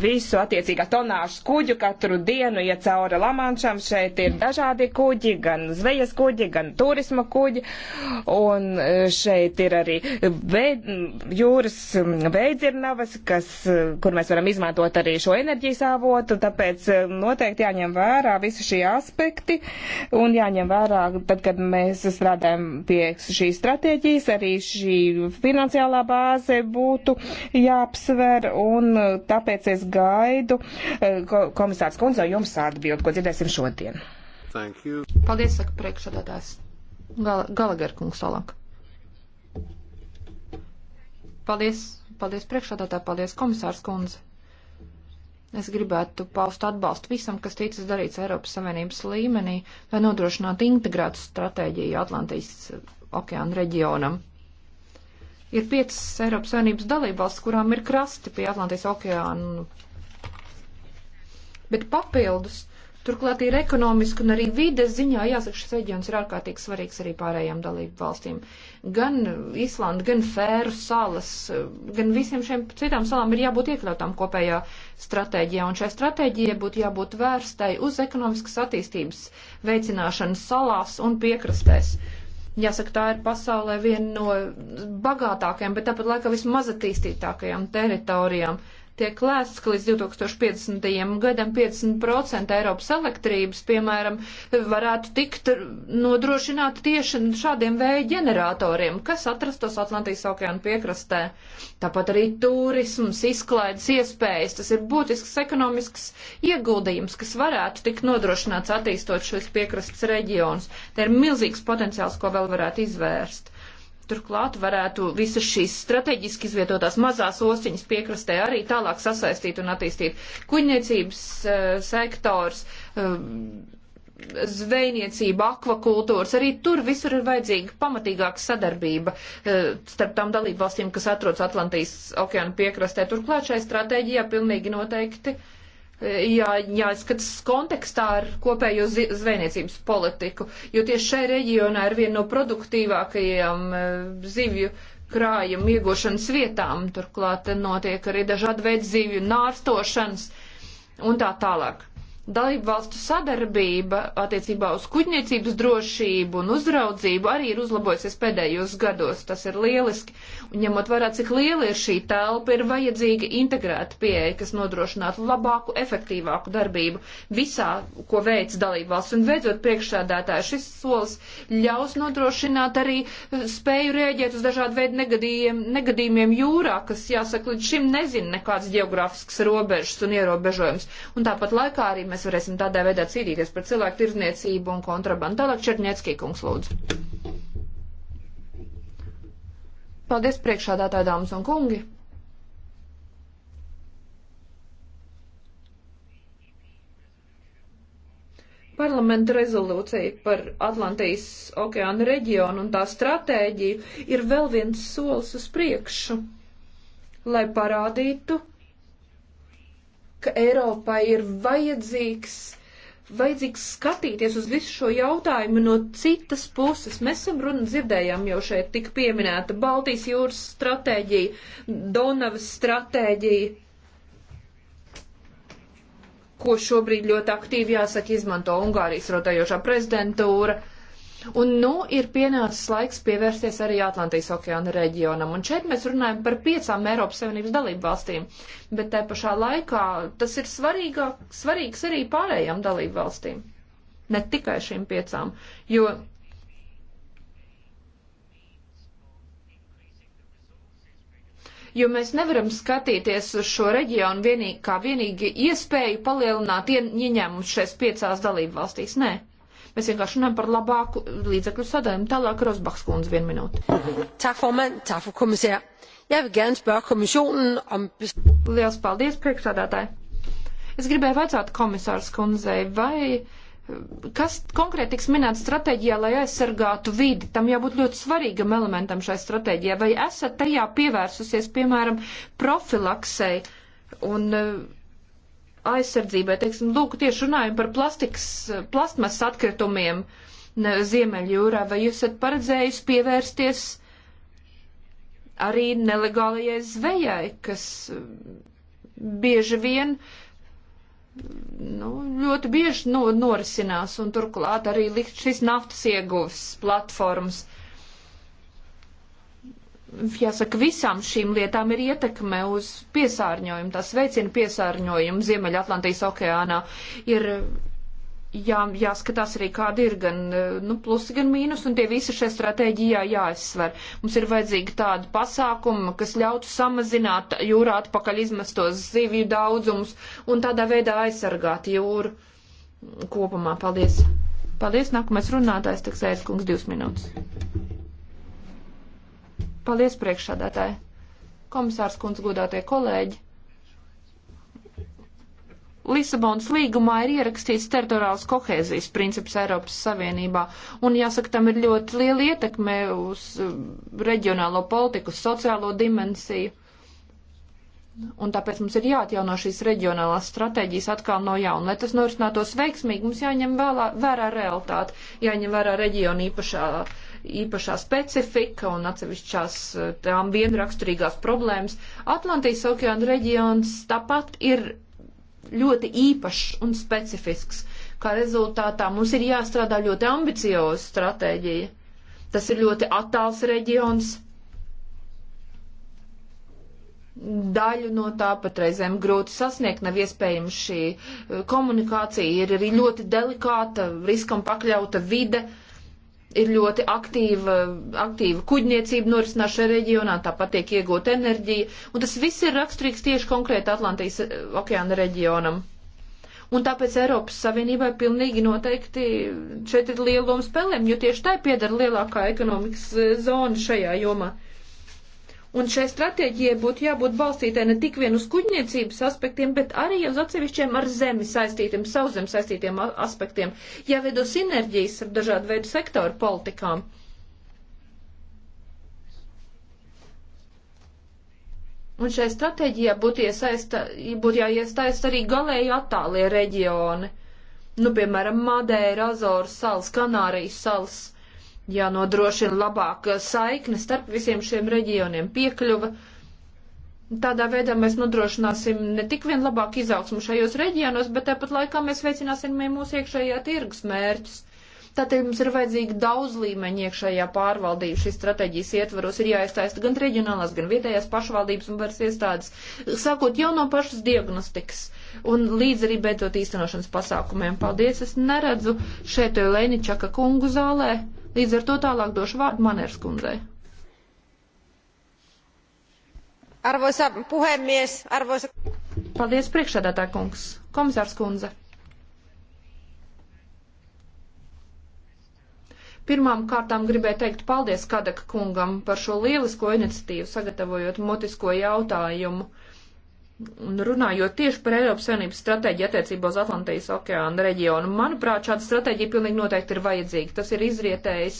visu attiecīgā tonāžas kuģu katru dienu iet cauri Lamanšam. Šeit ir dažādi kuģi, gan zvejas kuģi, gan turisma kuģi. Un eh, šeit ir arī veid, jūras mm, veidzirnavas, kas, eh, kur mēs varam izmantot arī šo enerģijas avotu. Tāpēc eh, noteikti jāņem vērā visi šie aspekti un jāņem vērā, tad, kad mēs strādājam pie šīs stratēģijas, arī šī finansiālā bāze būtu būtu jāapsver, un e, tāpēc es gaidu e, komisārs kundze jums atbildi, ko dzirdēsim šodien. Paldies, saka priekšsādātājs. Gal Galager kungs tālāk. Paldies, paldies priekšsādātāji, paldies komisārs kundze. Es gribētu paust atbalstu visam, kas ticis darīts Eiropas Savienības līmenī, lai nodrošinātu integrētu stratēģiju Atlantijas okeāna reģionam. Ir piecas Eiropas Savienības dalībvalsts, kurām ir krasti pie Atlantijas okeāna. Bet papildus, turklāt ir ekonomiski un arī vides ziņā, jāsaka, šis reģions ir ārkārtīgi svarīgs arī pārējām dalību valstīm. Gan Islanda, gan Fēru salas, gan visiem šiem citām salām ir jābūt iekļautām kopējā stratēģijā, un šai stratēģijai būtu jābūt vērstai uz ekonomiskas attīstības veicināšanu salās un piekrastēs. Jāsaka, tā ir pasaulē viena no bagātākajām, bet tāpat laikā vismaz attīstītākajām teritorijām. Uh, Tiek lēsts, ka līdz 2050. gadam 50% Eiropas elektrības, piemēram, varētu tikt nodrošināta tieši šādiem vēja ģeneratoriem, kas atrastos Atlantijas okeāna piekrastē. Tāpat arī turisms, izklaides iespējas, tas ir būtisks ekonomisks ieguldījums, kas varētu tikt nodrošināts attīstot šos piekrastes reģionus. Te ir milzīgs potenciāls, ko vēl varētu izvērst. Turklāt varētu visas šīs strateģiski izvietotās mazās ostiņas piekrastē arī tālāk sasaistīt un attīstīt. Kuģniecības uh, sektors, uh, zvejniecība, akvakultūras, arī tur visur ir vajadzīga pamatīgāka sadarbība uh, starp tām dalību valstīm, kas atrodas Atlantijas okeāna piekrastē. Turklāt šai stratēģijā pilnīgi noteikti uh, jā, jāskatās kontekstā ar kopējo zvejniecības politiku, jo tieši šai reģionā ir viena no produktīvākajām e, zivju krājuma iegūšanas vietām. Turklāt notiek arī dažādi veidi zivju nārstošanas un tā tālāk. Dalībvalstu sadarbība attiecībā uz kuģniecības drošību un uzraudzību arī ir uzlabojusies pēdējos gados. Tas ir lieliski. Un ņemot vērā, cik liela ir šī telpa, ir vajadzīga integrēta pieeja, kas nodrošinātu labāku, efektīvāku darbību visā, ko veic dalībvalsts. Un beidzot, priekšsādātāji, šis solis ļaus nodrošināt arī spēju rēģēt uz dažādu veidu negadījumiem, negadījumiem jūrā, kas, jāsaka, līdz šim nezina nekāds geogrāfisks robežas un ierobežojums. Un tāpat laikā arī mēs mēs varēsim tādā veidā cīnīties par cilvēku tirzniecību un kontrabandu. Tālāk Černiecki kungs lūdzu. Paldies priekšādātāji, dāmas un kungi. Parlamenta rezolūcija par Atlantijas okeāna reģionu un tā stratēģiju ir vēl viens solis uz priekšu, lai parādītu, ka Eiropai ir vajadzīgs vajadzīgs skatīties uz visu šo jautājumu no citas puses. Mēs esam runu dzirdējām jau šeit tik pieminēta Baltijas jūras stratēģija, Donavas stratēģija, ko šobrīd ļoti aktīvi jāsaka izmanto Ungārijas rotējošā prezidentūra. Uh, Un nu ir pienācis laiks pievērsties arī Atlantijas okeāna reģionam. Un šeit mēs runājam par piecām Eiropas Savienības dalību valstīm. Bet tai pašā laikā tas ir svarīga, svarīgs arī pārējām dalību valstīm. Ne tikai šīm piecām. Jo jo mēs nevaram skatīties uz šo reģionu vienīgi kā vienīgi iespēju palielināt ieņēmumus šais piecās dalību valstīs. Nē. Mēs vienkārši runājam par labāku līdzekļu sadalījumu. Tālāk Rosbachs kundze vienu minūti. Tak, formand, tak, fru komisār. Jeg vil gerne spørge kommissionen om... Liels paldies, priekšsādātāji. Es gribēju vaicāt komisārs kundzei, vai eh, kas konkrēti tiks minēts stratēģijā, lai aizsargātu vidi? Tam jābūt ļoti svarīgam elementam šai stratēģijai. Vai esat tajā pievērsusies, piemēram, profilaksei un uh, aizsardzībai. Teiksim, lūk, tieši runājam par plastikas, plastmas atkritumiem Ziemeļjūrā. Vai jūs esat paredzējis pievērsties arī nelegālajai zvejai, kas mm, bieži vien, mm, nu, ļoti bieži no, norisinās un turklāt arī likt šis naftas ieguvs platformas. Uh, jāsaka, visām šīm lietām ir ietekme uz piesārņojumu. Tas veicina piesārņojumu Ziemeļatlantijas okeānā. Ir jā, jāskatās arī, kāda ir gan nu, plusi, gan mīnus, un tie visi šajā stratēģijā jāizsver. Mums ir vajadzīgi tādi pasākumi, kas ļautu samazināt jūrā atpakaļ izmestos zivju daudzumus un tādā veidā aizsargāt jūru kopumā. Paldies! Paldies! Nākamais runātājs, Teksējas kungs, divas minūtes. Paldies, priekšsādātāji. Komisārs kundz, godātie kolēģi. Lisabonas līgumā ir ierakstīts teritoriāls kohēzijas princips Eiropas Savienībā, un jāsaka, tam ir ļoti liela ietekme uz uh, reģionālo politiku, sociālo dimensiju. Un tāpēc mums ir jāatjauno šīs reģionālās stratēģijas atkal no jauna. Lai tas norisinātos veiksmīgi, mums jāņem vēlā, vērā realitāte, jāņem vērā reģiona īpašā īpašā specifika un atsevišķās eh, tām vienraksturīgās problēmas. Atlantijas okeāna reģions tāpat ir ļoti īpašs un specifisks. Kā rezultātā mums ir jāstrādā ļoti ambicioza stratēģija. Tas ir ļoti attāls reģions. Daļu no tā patreizēm grūti sasniegt, nav iespējams šī eh, komunikācija, ir arī ļoti delikāta, riskam pakļauta vide. Uh, ir ļoti aktīva, aktīva kuģniecība norisinās šajā reģionā, tāpat tiek iegūt enerģija, un tas viss ir raksturīgs tieši konkrēti Atlantijas eh, okeāna reģionam. Un tāpēc Eiropas Savienībai pilnīgi noteikti šeit ir liela loma spēlēm, jo tieši tai piedara lielākā ekonomikas eh, zona šajā jomā. Un šai stratēģijai būtu jābūt balstītai ne tik vien uz kuģniecības aspektiem, bet arī uz atsevišķiem ar zemi saistītiem, sauzem saistītiem aspektiem, jāveido sinerģijas ar dažādu veidu sektoru politikām. Un šai stratēģijā būtu, iesaista, būtu jāiesaista arī galēji attālie reģioni, nu, piemēram, Madeira, Azoras salas, Kanārijas salas jānodrošina labāka saikne starp visiem šiem reģioniem piekļuva. Tādā veidā mēs nodrošināsim ne tik vien labāku izaugsmu šajos reģionos, bet tāpat laikā mēs veicināsim mūsu iekšējā tirgus mērķus. Tātad mums ir vajadzīga daudz līmeņa iekšējā pārvaldība. Šīs stratēģijas ietvaros ir jāiztaista gan reģionālās, gan vietējās pašvaldības un varas iestādes, sākot jau no pašas diagnostikas un līdz arī beidzot īstenošanas pasākumiem. Paldies, es neredzu šeit Lēničaka kungu zālē. Līdz ar to tālāk došu vārdu Maners kundzei. Arvoisa puhemies, arvoisa... Paldies priekšsēdētā kungs. Komisārs kundze. Pirmām kārtām gribēju teikt paldies Kadaka kungam par šo lielisko iniciatīvu, sagatavojot mutisko jautājumu Un runājot tieši par Eiropas Savienības stratēģiju attiecībā uz Atlantijas okeāna reģionu, manuprāt, šāda stratēģija pilnīgi noteikti ir vajadzīga. Tas ir izrietējis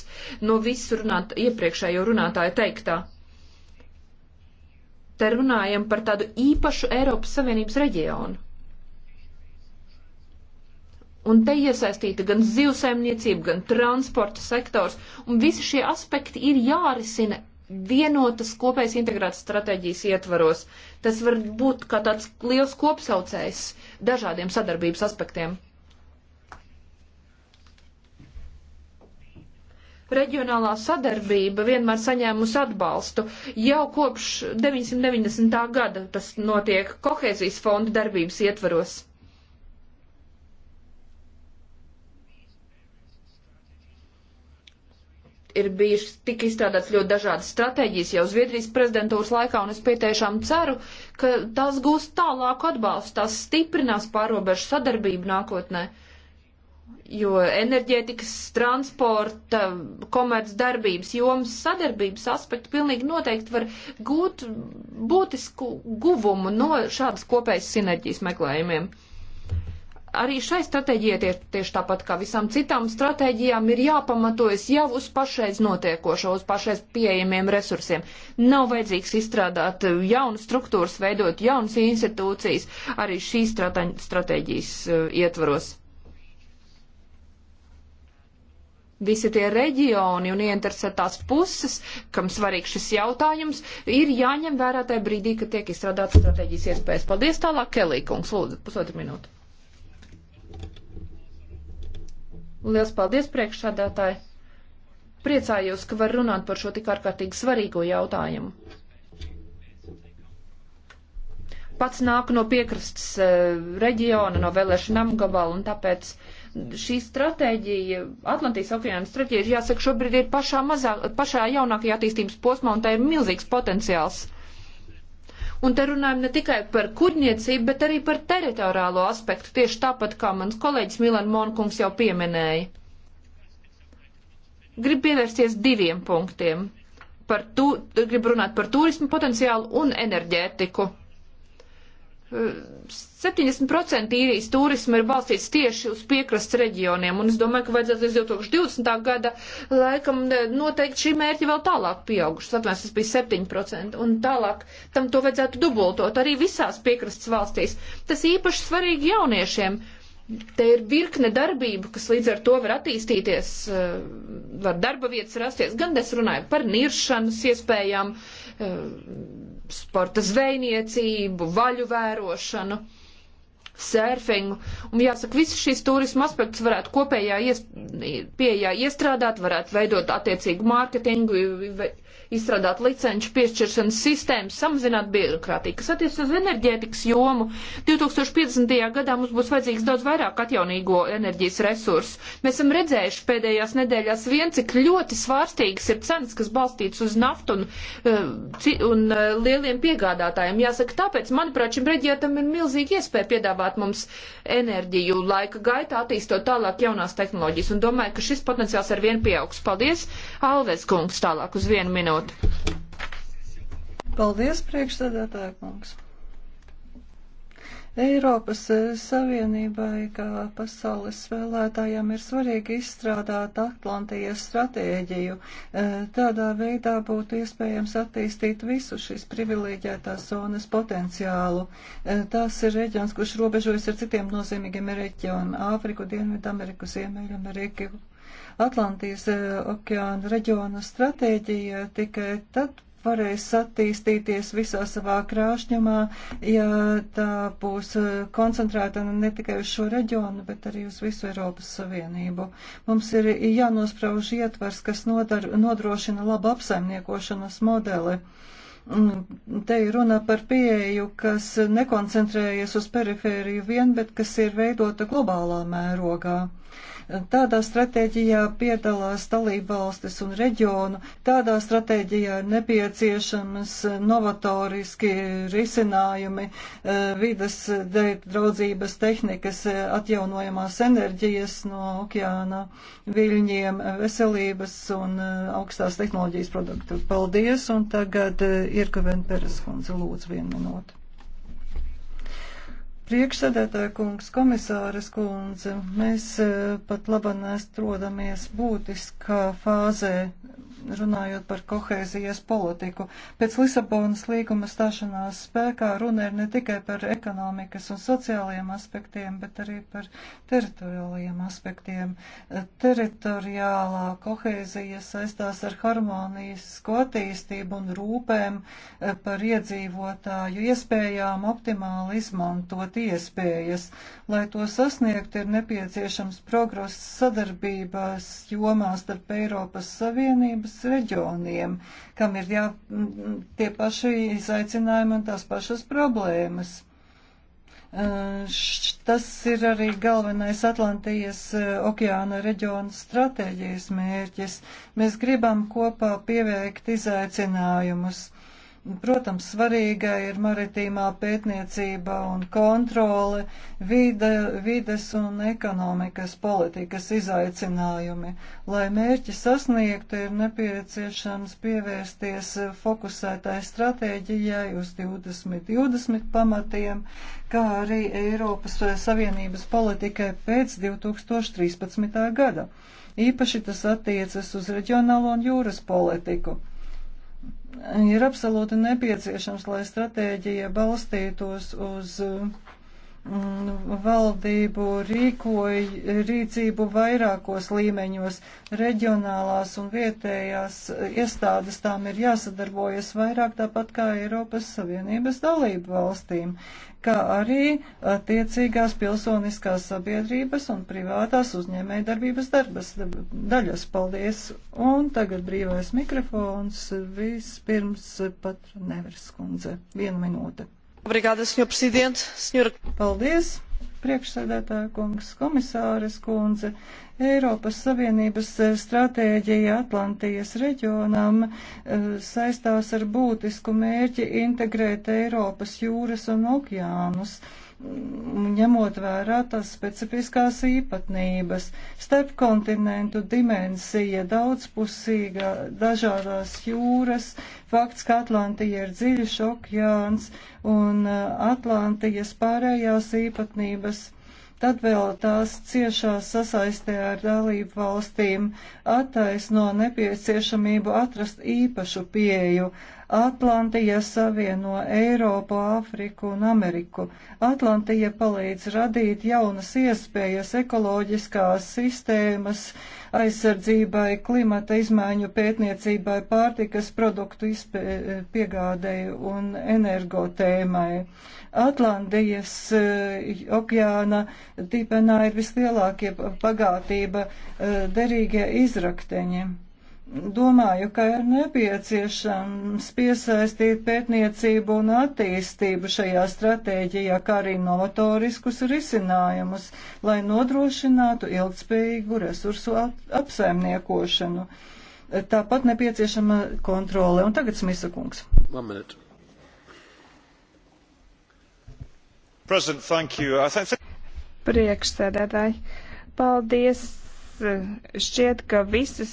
no visu runāt, iepriekšējo runātāju teiktā. Te runājam par tādu īpašu Eiropas Savienības reģionu. Un te iesaistīta gan zivsaimniecība, gan transporta sektors, un visi šie aspekti ir jārisina vienotas kopējas integrētas stratēģijas ietvaros. Tas var būt kā tāds liels kopsaucējs dažādiem sadarbības aspektiem. Reģionālā sadarbība vienmēr saņēmusi atbalstu. Jau kopš 990. gada tas notiek kohēzijas fonda darbības ietvaros. ir bijušas tik izstrādāts ļoti dažādas stratēģijas jau Zviedrijas prezidentūras laikā, un es pietiešām ceru, ka tās gūs tālāku atbalstu, tās stiprinās pārobežu sadarbību nākotnē, jo enerģētikas, transporta, komerc darbības jomas sadarbības aspekti pilnīgi noteikti var gūt būtisku guvumu no šādas kopējas sinerģijas meklējumiem arī šai stratēģijai tie, tieši tāpat kā visām citām stratēģijām ir jāpamatojas jau uz pašreiz notiekošo, uz pašreiz pieejamiem resursiem. Nav vajadzīgs izstrādāt jaunas struktūras, veidot jaunas institūcijas arī šīs stratēģijas uh, ietvaros. Visi tie reģioni un ieinteresētās puses, kam svarīgs šis jautājums, ir jāņem vērā tajā brīdī, kad tiek izstrādāts stratēģijas iespējas. Paldies tālāk, Kelī, kungs, lūdzu, pusotru minūtu. Liels paldies priekšsādātāji! Priecājos, ka var runāt par šo tik ārkārtīgi svarīgo jautājumu. Pats nāk no piekrastes eh, reģiona, no vēlēšana apgabala, un tāpēc šī stratēģija, Atlantijas okeāna stratēģija, jāsaka, šobrīd ir pašā, mazā, pašā jaunākajā attīstības posmā, un tā ir milzīgs potenciāls Un te runājam ne tikai par kurniecību, bet arī par teritoriālo aspektu, tieši tāpat kā mans kolēģis Milan Monkungs jau pieminēja. Gribu pievērsties diviem punktiem. Par tu, gribu runāt par turismu potenciālu un enerģētiku. 70% īrijas turisma ir balstīts tieši uz piekrasts reģioniem, un es domāju, ka vajadzētu līdz 2020. gada laikam eh, noteikti šī mērķa vēl tālāk pieauguši. Atvērs, tas bija 7%, un tālāk tam to vajadzētu dubultot arī visās piekrasts valstīs. Tas īpaši svarīgi jauniešiem, Te ir virkne darbību, kas līdz ar to var attīstīties, eh, var darba vietas rasties. Gan es runāju par niršanas iespējām, eh, sporta zvejniecību, vaļu vērošanu, sērfingu. Un jāsaka, visas šīs turisma aspekts varētu kopējā ies, pieejā iestrādāt, varētu veidot attiecīgu mārketingu, izstrādāt licenču piešķiršanas sistēmu, samazināt birokrātiju. Kas attiecas uz enerģētikas jomu, 2050. gadā mums būs vajadzīgs daudz vairāk atjaunīgo enerģijas resursu. Mēs esam redzējuši pēdējās nedēļās vien, cik ļoti svārstīgas ir cenas, kas balstītas uz naftu un, eh, un eh, lieliem piegādātājiem. Jāsaka, tāpēc, manuprāt, šim reģionam ir milzīgi iespēja piedāvāt mums enerģiju laika gaitā, attīstot tālāk jaunās tehnoloģijas. Un domāju, ka šis potenciāls ar vienu pieaugs. Paldies, Alves kungs, tālāk uz vienu minūti minūte. Paldies, priekšsēdētāja kungs. Eiropas eh, Savienībai, kā pasaules spēlētājiem, ir svarīgi izstrādāt Atlantijas stratēģiju. Eh, tādā veidā būtu iespējams attīstīt visu šīs privileģētās zonas potenciālu. Eh, Tas ir reģions, kurš robežojas ar citiem nozīmīgiem reģioniem - Āfriku, Dienvidameriku, Ziemeļameriku. Atlantijas e, okeāna reģiona stratēģija tikai tad varēs attīstīties visā savā krāšņumā, ja tā būs e, koncentrēta ne tikai uz šo reģionu, bet arī uz visu Eiropas Savienību. Mums ir jānosprauž ietvars, kas nodar, nodrošina labu apsaimniekošanas modeli. Mm, te ir runa par pieeju, kas nekoncentrējas uz perifēriju vien, bet kas ir veidota globālā mērogā. Uh, Tādā stratēģijā piedalās dalībvalstis un reģionu. Tādā stratēģijā ir nepieciešams novatoriski risinājumi eh, vidas draudzības tehnikas eh, atjaunojamās enerģijas no okeāna viļņiem, veselības un eh, augstās tehnoloģijas produktu. Paldies, un tagad ir Kaven Peres kundze, lūdzu, vienu minūtu. Priekšsēdētāja kungs, komisāres kundze, mēs e, pat labāk atrodamies būtiskā fāzē, runājot par kohēzijas politiku. Pēc Lisabonas līguma stāšanās spēkā runa ir ne tikai par ekonomikas un sociālajiem aspektiem, bet arī par teritoriālajiem aspektiem. E, teritoriālā kohēzija saistās ar harmonijas attīstību un rūpēm e, par iedzīvotāju iespējām optimāli izmantot iespējas. Lai to sasniegt, ir nepieciešams progress sadarbībās jomā starp Eiropas Savienības reģioniem, kam ir jā, tie paši izaicinājumi un tās pašas problēmas. Tas ir arī galvenais Atlantijas okeāna reģiona stratēģijas mērķis. Mēs gribam kopā pieveikt izaicinājumus. Protams, svarīga ir maritīmā pētniecība un kontrole, vide, vides un ekonomikas politikas izaicinājumi. Lai mērķi sasniegtu, ir nepieciešams pievērsties fokusētai stratēģijai uz 2020 pamatiem, kā arī Eiropas Savienības politikai pēc 2013. gada. Īpaši tas attiecas uz reģionālo un jūras politiku ir absolūti nepieciešams, lai stratēģija balstītos uz Mm, valdību rīkoja rīcību vairākos līmeņos. Reģionālās un vietējās iestādes tām ir jāsadarbojas vairāk, tāpat kā Eiropas Savienības dalību valstīm, kā arī attiecīgās pilsoniskās sabiedrības un privātās uzņēmējdarbības darbas daļas. Paldies! Un tagad brīvais mikrofons vispirms pat Neverskundze. Vienu minūte. Obrigada, senhor presidente. Senhor... Paldies, priekšsēdētāja kungs, komisāres kundze. Eiropas Savienības eh, stratēģija Atlantijas reģionam eh, saistās ar būtisku mērķi integrēt Eiropas jūras un okeānus ņemot vērā tās specifiskās īpatnības. Starpkontinentu dimensija, daudzpusīga, dažādās jūras, fakts, ka Atlantija ir dziļš okeāns un uh, Atlantijas pārējās īpatnības Tad vēl tās ciešā sasaistē ar dalību valstīm attaisno nepieciešamību atrast īpašu pieeju. Atlantija savieno Eiropu, Āfriku un Ameriku. Atlantija palīdz radīt jaunas iespējas ekoloģiskās sistēmas aizsardzībai, klimata izmaiņu pētniecībai, pārtikas produktu izpē, piegādēju un energotēmai. Atlantijas eh, okeāna dibenā ir vislielākie pagātība eh, derīgie izrakteņi. Domāju, ka ir nepieciešams piesaistīt pētniecību un attīstību šajā stratēģijā, kā arī novatoriskus risinājumus, lai nodrošinātu ilgspējīgu resursu apsaimniekošanu. Tāpat nepieciešama kontrole. Un tagad Smisa kungs. One minute. Priekšsēdētāji, paldies. Šķiet, ka visas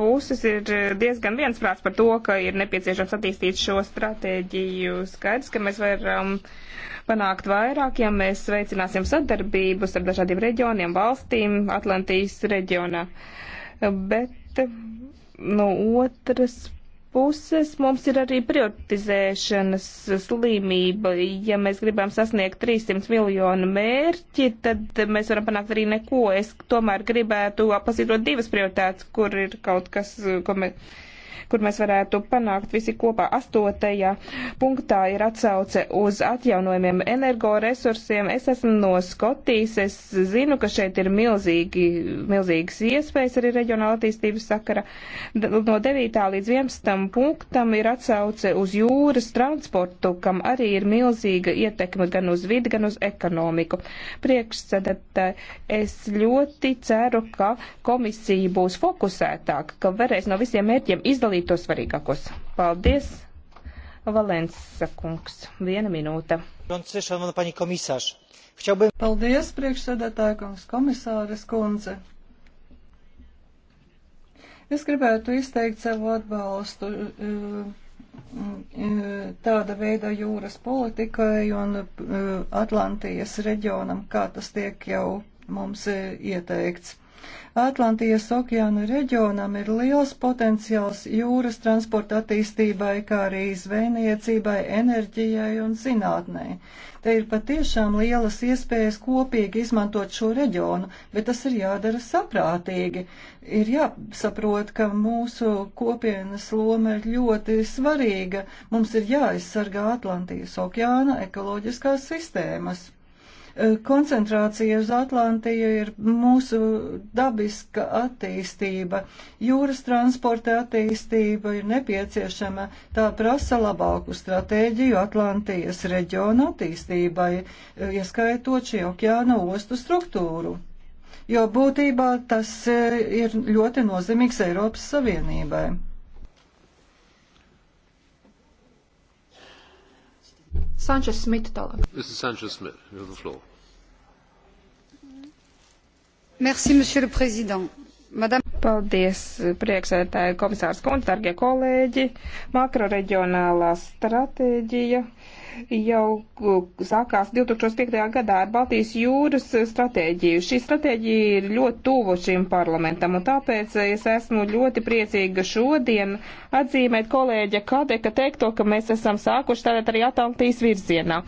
puses ir diezgan viensprāts par to, ka ir nepieciešams attīstīt šo stratēģiju. Skaidrs, ka mēs varam panākt vairāk, ja mēs veicināsim sadarbību starp dažādiem reģioniem, valstīm Atlantijas reģionā. Bet no otras puses mums ir arī prioritizēšanas slimība. Ja mēs gribam sasniegt 300 miljonu mērķi, tad mēs varam panākt arī neko. Es tomēr gribētu pasītot divas prioritātes, kur ir kaut kas, ko mēs kur mēs varētu panākt visi kopā. Astotajā punktā ir atsauce uz atjaunojumiem energoresursiem. Es esmu no Skotijas, es zinu, ka šeit ir milzīgi, milzīgas iespējas arī reģionāla attīstības sakara. No 9. līdz 11. punktam ir atsauce uz jūras transportu, kam arī ir milzīga ietekme gan uz vidi, gan uz ekonomiku. Priekšsēdētāji, es ļoti ceru, ka komisija būs fokusētāka, ka varēs no visiem mērķiem izdalīt arī to svarīgākos. Paldies, Valensa kungs. Viena minūte. Paldies, priekšsēdētāja kungs, komisāres kundze. Es gribētu izteikt savu atbalstu eh, eh, tāda veida jūras politikai un eh, Atlantijas reģionam, kā tas tiek jau mums ieteikts. Atlantijas okeāna reģionam ir liels potenciāls jūras transporta attīstībai, kā arī zvejniecībai, enerģijai un zinātnē. Te ir patiešām lielas iespējas kopīgi izmantot šo reģionu, bet tas ir jādara saprātīgi. Ir jāsaprot, ka mūsu kopienas loma ir ļoti svarīga. Mums ir jāaizsargā Atlantijas okeāna ekoloģiskās sistēmas. Eh, koncentrācija uz Atlantiju ir mūsu dabiska attīstība. Jūras transporta attīstība ir nepieciešama. Tā prasa labāku stratēģiju Atlantijas reģiona attīstībai, eh, ieskaitot šī okeāna ostu struktūru. Jo būtībā tas eh, ir ļoti nozīmīgs Eiropas Savienībai. Sanchez Smith tālāk. Mr. Sanchez Smith, you have the floor. Merci, monsieur le président. Madame... Paldies, priekšsētāji komisārs kundze, dargie kolēģi. Makroreģionālā stratēģija jau sākās 2005. gadā ar Baltijas jūras stratēģiju. Šī stratēģija ir ļoti tuvu šim parlamentam, un tāpēc es esmu ļoti priecīga šodien atzīmēt kolēģa Kadeka teikto, ka mēs esam sākuši tātad arī Atlantijas virzienā.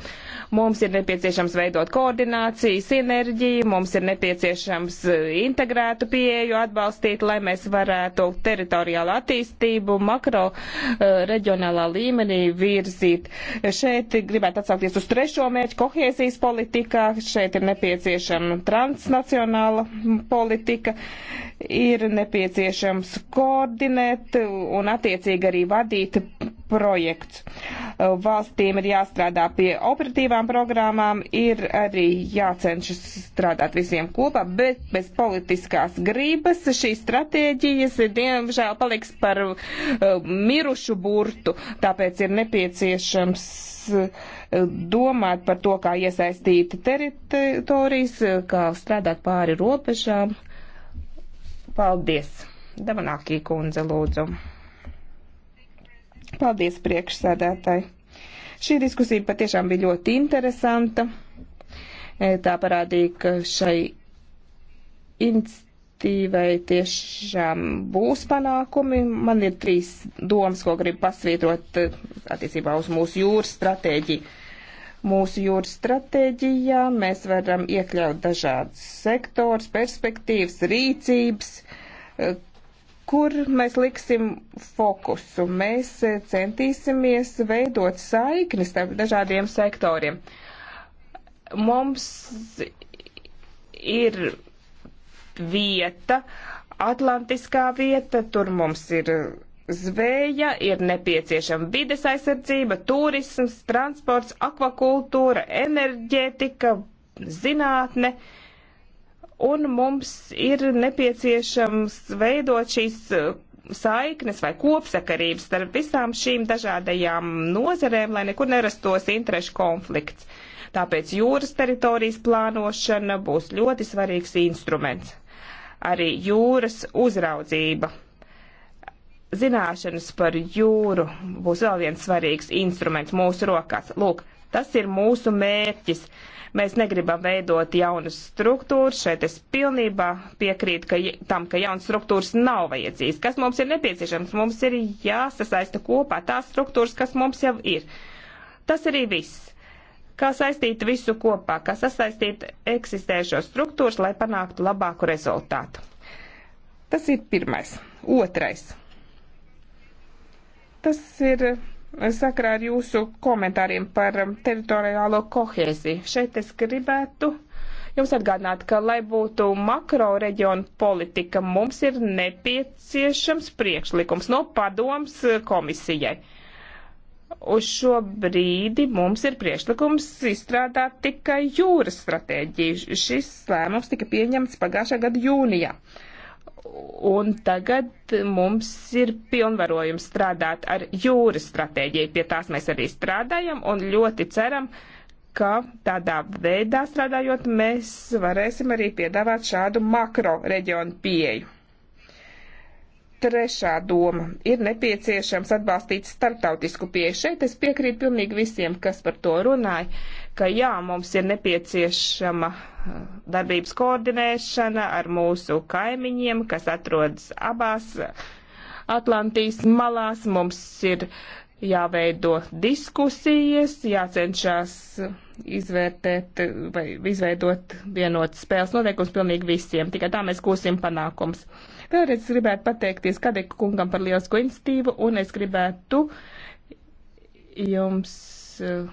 Mums ir nepieciešams veidot koordināciju, sinerģiju, mums ir nepieciešams e, integrētu pieeju atbalstīt, lai mēs varētu teritoriālu attīstību makro uh, reģionālā līmenī virzīt. Šeit Šeit gribētu atsaukties uz trešo mērķu kohēzijas politikā. Šeit ir nepieciešama transnacionāla politika, ir nepieciešams koordinēt un attiecīgi arī vadīt projekts. Valstīm ir jāstrādā pie operatīvām programmām, ir arī jācenšas strādāt visiem kopā, bet bez politiskās gribas šīs stratēģijas, diemžēl, paliks par uh, mirušu burtu. Tāpēc ir nepieciešams domāt par to, kā iesaistīt teritorijas, kā strādāt pāri robežām. Paldies! Damanākī kundze, lūdzu. Paldies priekšsēdētāji. Šī diskusija patiešām bija ļoti interesanta. E, tā parādīja, ka šai institūcijai direktīvai tiešām būs panākumi. Man ir trīs domas, ko gribu pasvītrot eh, attiecībā uz mūsu jūras stratēģiju. Mūsu jūras stratēģijā mēs varam iekļaut dažādas sektors, perspektīvas, rīcības, eh, kur mēs liksim fokusu. Mēs eh, centīsimies veidot saikni starp dažādiem sektoriem. Mums ir vieta, atlantiskā vieta, tur mums ir zvēja, ir nepieciešama vides aizsardzība, turisms, transports, akvakultūra, enerģētika, zinātne. Un mums ir nepieciešams veidot šīs uh, saiknes vai kopsakarības starp visām šīm dažādajām nozerēm, lai nekur nerastos interešu konflikts. Tāpēc jūras teritorijas plānošana būs ļoti svarīgs instruments arī jūras uzraudzība. Zināšanas par jūru būs vēl viens svarīgs instruments mūsu rokās. Lūk, tas ir mūsu mērķis. Mēs negribam veidot jaunas struktūras. Šeit es pilnībā piekrītu ka, tam, ka jaunas struktūras nav vajadzīgas. Kas mums ir nepieciešams? Mums ir jāsasaista kopā tās struktūras, kas mums jau ir. Tas arī viss kā saistīt visu kopā, kā sasaistīt eksistējošos struktūras, lai panāktu labāku rezultātu. Tas ir pirmais. Otrais. Tas ir eh, sakarā ar jūsu komentāriem par um, teritoriālo kohēziju. Šeit es gribētu jums atgādināt, ka, lai būtu makro reģionu politika, mums ir nepieciešams priekšlikums no padoms eh, komisijai. Uh, Uz šo brīdi mums ir priekšlikums izstrādāt tikai jūras stratēģiju. Šis lēmums tika pieņemts pagājušā gada jūnijā. Un tagad mums ir pilnvarojums strādāt ar jūras stratēģiju. Pie tās mēs arī strādājam un ļoti ceram, ka tādā veidā strādājot, mēs varēsim arī piedāvāt šādu makro reģionu pieeju. Trešā doma - ir nepieciešams atbalstīt starptautisku pieeju. Šeit es piekrītu pilnīgi visiem, kas par to runāja, ka jā, mums ir nepieciešama uh, darbības koordinēšana ar mūsu kaimiņiem, kas atrodas abās uh, Atlantijas malās. Mums ir jāveido diskusijas, jācenšas uh, izvērtēt vai izveidot vienotas spēles noteikums pilnīgi visiem. Tikai tā mēs gūsim panākums. Vēlreiz gribētu pateikties Kadeka kungam par lielisko institīvu, un es gribētu jums eh,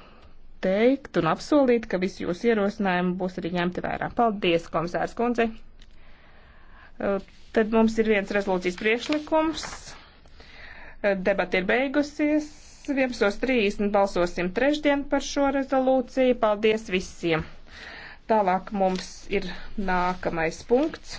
teikt un apsolīt, ka visi jūs ierosinājumi būs arī ņemti vērā. Paldies, komisārs kundze! Eh, tad mums ir viens rezolūcijas priekšlikums. Eh, debata ir beigusies. 11.30 balsosim trešdien par šo rezolūciju. Paldies visiem! Tālāk mums ir nākamais punkts.